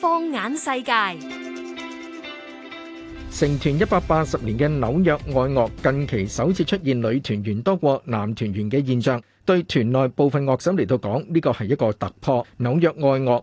放眼世界，成團一百八十年嘅紐約愛樂近期首次出現女團員多過男團員嘅現象，對團內部分樂手嚟到講，呢個係一個突破。紐約愛樂。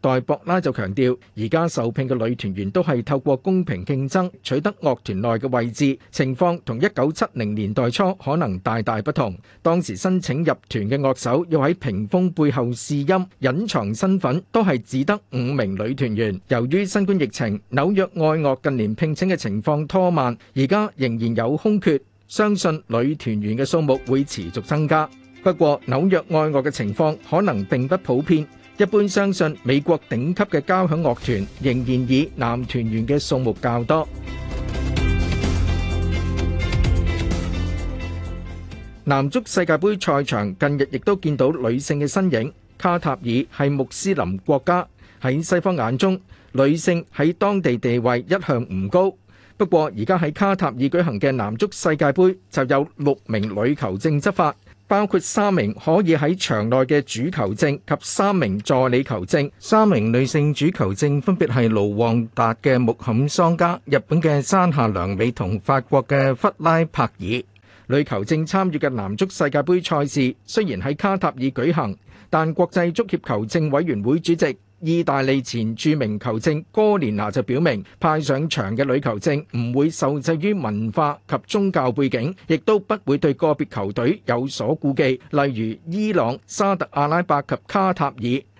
代博拉就強調，而家受聘嘅女團員都係透過公平競爭取得樂團內嘅位置，情況同一九七零年代初可能大大不同。當時申請入團嘅樂手要喺屏風背後試音，隱藏身份，都係只得五名女團員。由於新冠疫情，紐約愛樂近年聘請嘅情況拖慢，而家仍然有空缺，相信女團員嘅數目會持續增加。不過紐約愛樂嘅情況可能並不普遍。一般相信，美國頂級嘅交響樂團仍然以男團員嘅數目較多。男足世界盃賽場近日亦都見到女性嘅身影。卡塔爾係穆斯林國家，喺西方眼中，女性喺當地地位一向唔高。不過，而家喺卡塔爾舉行嘅男足世界盃就有六名女球證執法，包括三名可以喺場內嘅主球證及三名助理球證。三名女性主球證分別係盧旺達嘅穆坎桑加、日本嘅山下良美同法國嘅弗拉柏爾。女球證參與嘅男足世界盃賽事雖然喺卡塔爾舉行，但國際足協球證委員會主席，意大利前著名球證哥連拿就表明，派上場嘅女球證唔會受制於文化及宗教背景，亦都不會對個別球隊有所顧忌，例如伊朗、沙特阿拉伯及卡塔爾。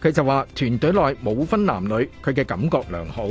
佢就話，團隊內冇分男女，佢嘅感覺良好。